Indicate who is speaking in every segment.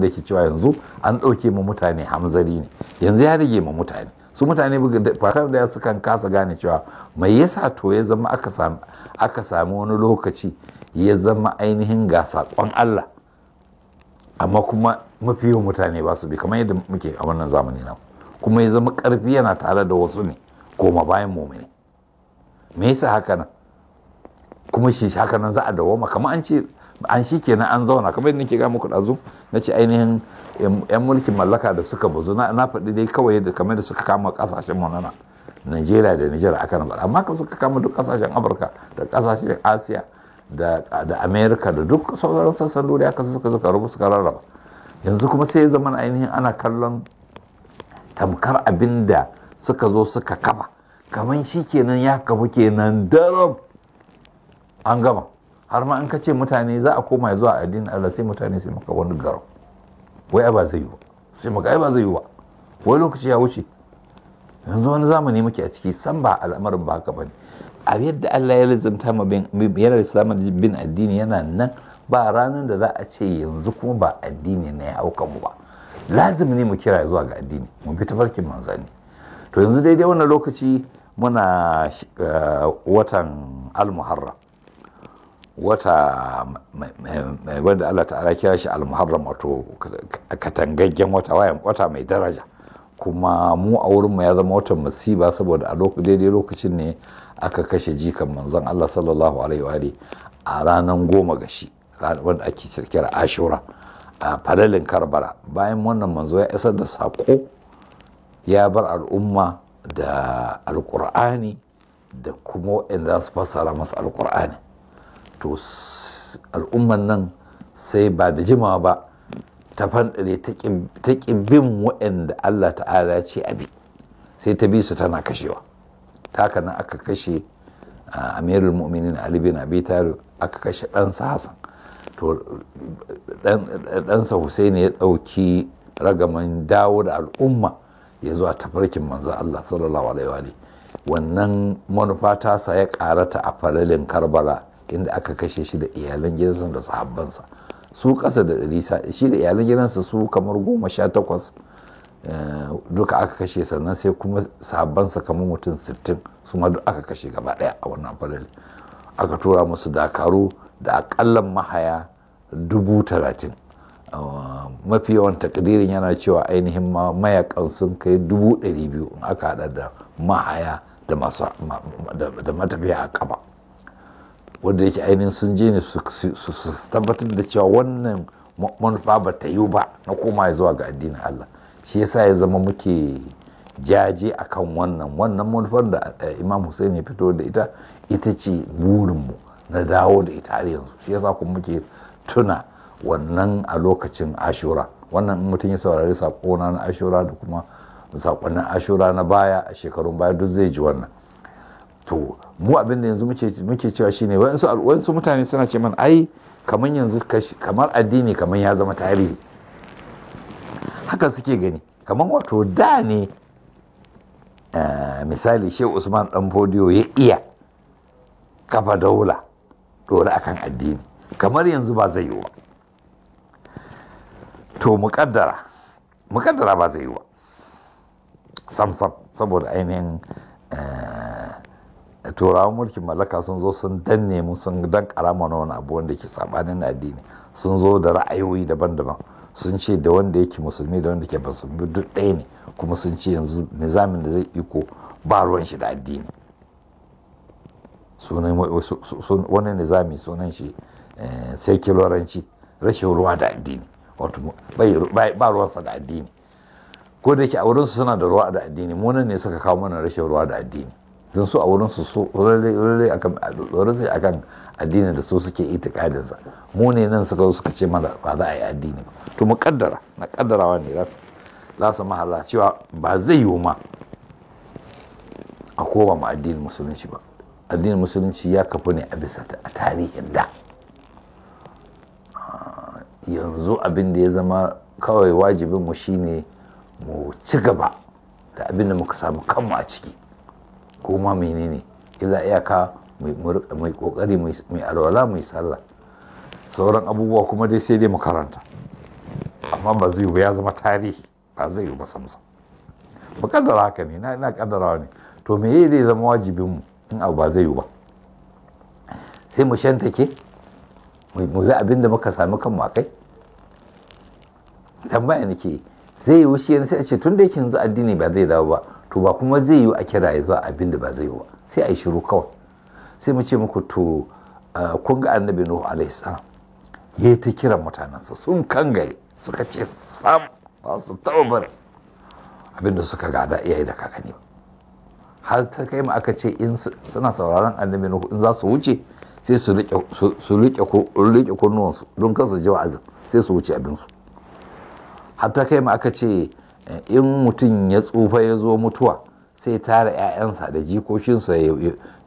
Speaker 1: da ke cewa yanzu an ɗauke ma mutane hamzari ne yanzu ya rage ma mutane su mutane fakar da sukan kasa gane cewa mai yasa to ya zama aka sami wani lokaci ya zama ainihin ga saƙon Allah amma kuma mafi yawan mutane ba su bi kamar yadda muke a wannan zamani na kuma ya zama ƙarfi yana tare da wasu ne koma bayan ne. me yasa haka nan kuma shi haka nan za a dawo kamar an ce an shi kenan an zauna kamar yadda nake ga muku ɗazu na ce ainihin yan mulkin mallaka da suka bazu na faɗi dai kawai yadda kamar da suka kama ƙasashen mu nana Najeriya da Nijar aka faɗa amma kan suka kama duk ƙasashen Afirka da ƙasashen Asiya da da Amerika da duk sauran sassan duniya haka suka suka rubu suka rarraba yanzu kuma sai zaman ainihin ana kallon tamkar abin da suka zo suka kafa Kaman shikenan kenan ya kafa kenan daram an gama har ma an ka ce mutane za a koma zuwa addinin Allah sai mutane su maka wani garo wai ba zai yi ba sai maka ai ba zai yi ba wai lokaci ya wuce yanzu wani zamani muke a ciki san ba al'amarin ba haka bane a yadda Allah ya lizumta ma bin yana bin addini yana nan ba ranar da za a ce yanzu kuma ba addini ne ya auka mu ba Lazim ne mu kira zuwa ga addini mu bi tafarkin manzanni to yanzu daidai wannan lokaci muna eh, watan al-muharram wata wanda Allah ta'ala kira shi al-muharram wato katangaggen wata wayan wata mai daraja kuma mu a wurin mu ya zama wata musiba saboda a daidai lokacin ne aka kashe jikan manzon Allah sallallahu alaihi wa a ranar goma ga shi wanda ake kira ashura a falalin karbala bayan wannan manzo ya isar da saƙo ya bar al'umma da alƙur'ani da kuma waɗanda za su fassara masa alƙur'ani to al'umman nan sai ba da jimawa ba ta fanɗare ta ƙi bin waɗanda Allah ta'ala ce a bi. sai ta bi su tana kashewa ta haka aka kashe amirul mu'minin ali bin abi talib aka kashe ɗansa hassan to ɗansa husain ya ɗauki ragaman dawo da al'umma ya zuwa tafarkin manzo Allah sallallahu alaihi wa wannan manufa tasa ya ƙarata a falalin karbala inda aka kashe shi da iyalan gidansa da sahabbansa su kasa da ɗari shi da iyalan gidansa su kamar goma sha takwas eh, duka aka kashe sannan sai kuma sahabbansa kamar mutum sittin su ma duk aka kashe gaba ɗaya a wannan farali aka tura musu dakaru da akallan mahaya dubu talatin eh, mafi yawan takdirin yana cewa ainihin mayakan sun kai dubu ɗari biyu in aka haɗa da mahaya da matafiya a ƙaba. wanda yake ainihin sun je ne su tabbatar da cewa wannan manufa ba ta yiwu ba na koma zuwa ga addinin Allah shi yasa ya zama muke jaje akan wannan wannan manufar da eh, Imam Hussein ya fito da ita ita ce burinmu na dawo da ita har yanzu shi yasa kuma muke tuna wannan a lokacin ashura wannan mutum ya saurari saƙona na ashura da kuma saƙonnin ashura na baya a shekarun baya duk zai ji wannan to mu abin da yanzu muke cewa shine ne wayansu mutane suna ce man ai kamar yanzu kamar addini kamar ya zama tarihi haka suke gani kamar wato da ne eh, misali shehu usman dan fodiyo ya iya kafa daula dora akan addini kamar yanzu ba zai yi wa to muƙaddara muƙaddara ba zai yi wa sam sam saboda ainihin eh, turawan mulkin mallaka sun zo sun danne mu sun dan karama na wani abu wanda ke sabanin addini sun zo da ra'ayoyi daban-daban sun ce da wanda yake musulmi da wanda ke musulmi duk ɗaya ne kuma sun ce yanzu nizamin da zai iko ba ruwan shi da addini wani nizami sunan shi eh, sekularanci rashin ruwa da addini wato ba ruwansa da addini ko da yake a wurinsu suna da ruwa da addini munan ne suka kawo mana rashin ruwa da addini don su a wurin su so lalle akan a kan addini da su suke itikadin sa mu ne nan suka zo suka ce mana ba za a yi addini ba to mu kaddara na kaddarawa ne za su za su mahalla cewa ba zai yiwu ma a koba ma addinin musulunci ba addinin musulunci ya kafu ne a bisa a tarihin da ah, yanzu abin da ya zama kawai wajibin mu shine mu ci gaba da abin da muka samu kanmu a ciki ko menene illa iyaka mai kokari mai alwala mai sallah sauran abubuwa kuma dai sai dai makaranta karanta amma ba zai ya zama tarihi ba zai yi ba samsam ba kaddara haka ne na kaddarawa ne to me zai zama wajibinmu in abu ba zai yi ba sai mu shantake mu bi abin da muka sami kanmu a kai tambaya nake zai yi wuce sai a ce tun da yake yanzu addini ba zai dawo ba to ba kuma zai yi a kira ya zuwa abin da ba zai yi ba sai a yi shiru kawai sai mu ce muku to kun ga annabi nuhu alaihi salam yayi ta kiran sa, sun kangare suka ce sam ba su taɓa abin da suka gada iyaye da kakanni ba har ta kai mu aka ce in suna sauraron annabi nuhu in za su wuce sai su riƙe kunnuwansu don kansu ji wa'azin sai su wuce abinsu har ta kai mu aka ce in mutum ya tsufa ya zo mutuwa sai tara 'ya'yansa da jikoshinsa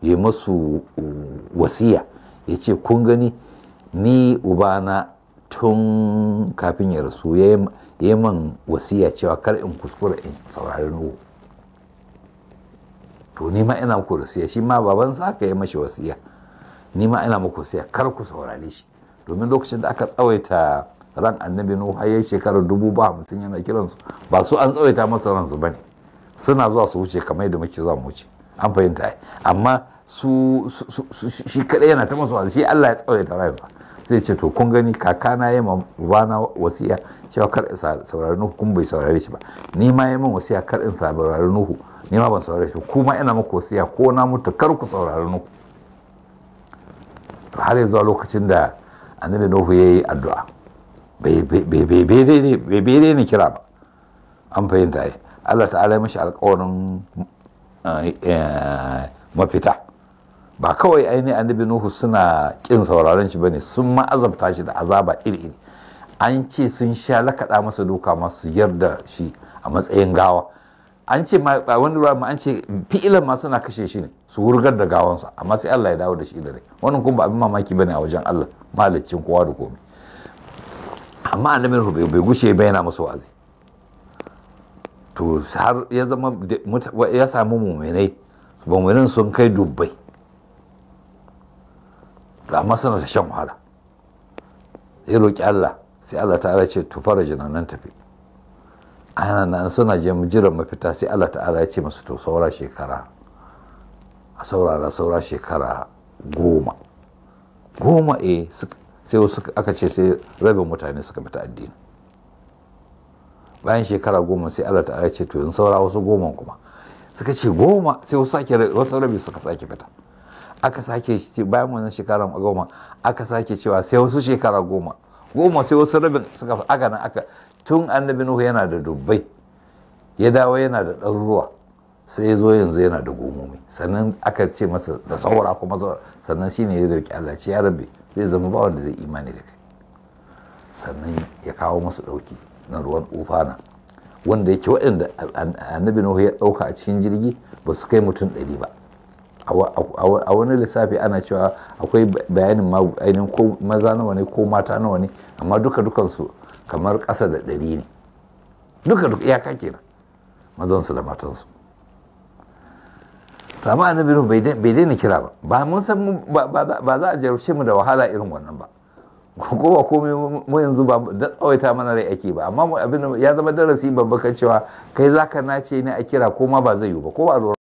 Speaker 1: ya masu wasiya ya ce kun gani ni ubana tun kafin ya rasu ya yi man wasiya cewa kar in kuskura in saurari nuhu to ni ma ina muku wasiya shi ma baban sa ka yi mashi wasiya ni ma ina muku wasiya kar ku saurare shi domin lokacin da aka tsawaita ran annabi nuhu har yayi shekarar dubu ba hamsin yana kiransu ba su an tsawaita masa ransu bane suna zuwa su wuce kamar yadda muke zuwa mu wuce an fahimta amma su shi kadai yana ta masa shi Allah ya tsawaita ransa zai ce to kun gani kakana ya ma bana wasiya cewa kar in saurari nuhu kun bai saurare shi ba ni ma ya min wasiya kar in saurari nuhu ni ma ban saurare shi kuma ina muku wasiya ko na mutu kar ku saurari nuhu har ya zuwa lokacin da annabi nuhu ya yi addu'a bai bai ni kira ba an fahimta ai Allah ta'ala mashi alƙawarin eh, eh, mafita ba kawai aini annabi nuhu suna kin sauraron shi bane sun ma'azabta shi da azaba iri-iri an ce sun sha lakaɗa masa duka masu yarda shi a matsayin gawa an ce a wani ruwa ma an ce fi'ilan ma suna kashe shi ne su wurgar da gawansa amma sai Allah ya dawo da shi da rai wannan kuma ba abin mamaki bane a wajen Allah malaccin kowa da komai amma annabin bai gushe ba yana musu wazi to har ya zama ya samu mummunai muminin sun kai dubbai to amma suna ta shan wahala ya roƙi Allah sai Allah ta'ala ce to fara nan tafi ana nan suna jiran mafita sai Allah ta'ala ya ce masu to saura shekara a saurara saura shekara goma goma e sai wasu aka ce sai rabin mutane suka fita addini bayan shekara goma sai Allah ta'ala ce to in saura wasu goma kuma suka ce goma sai wasu sake wasu rabi suka sake fita aka sake bayan wannan shekara goma aka sake cewa sai wasu shekara goma goma sai wasu rabin suka aka nan aka tun annabi nuhu yana da dubbai ya dawo yana da ɗaruruwa sai zo yanzu yana da gomomi sannan aka ce masa da saura kuma saura sannan shine ya dauki, Allah ce ya rabbi zai zama ba wanda zai imani da kai sannan ya kawo masu dauki na ruwan ufana wanda yake waɗanda annabi Nuhu ya ɗauka a cikin jirgi ba su kai mutum ɗari ba a wani lissafi ana cewa akwai bayanin ainihin ko maza nawa ne ko mata nawa ne amma duka dukansu kamar ƙasa da ɗari ne duka duka iyaka kenan mazansu da matansu to amma annabi nuhu bai daina kira ba ba mun san ba za a jarushe mu da wahala irin wannan ba ko ba komai mu yanzu ba da tsawaita mana rai ake ba amma abin ya zama darasi babba cewa kai zaka nace ne a kira ko ma ba zai yi ba ko ba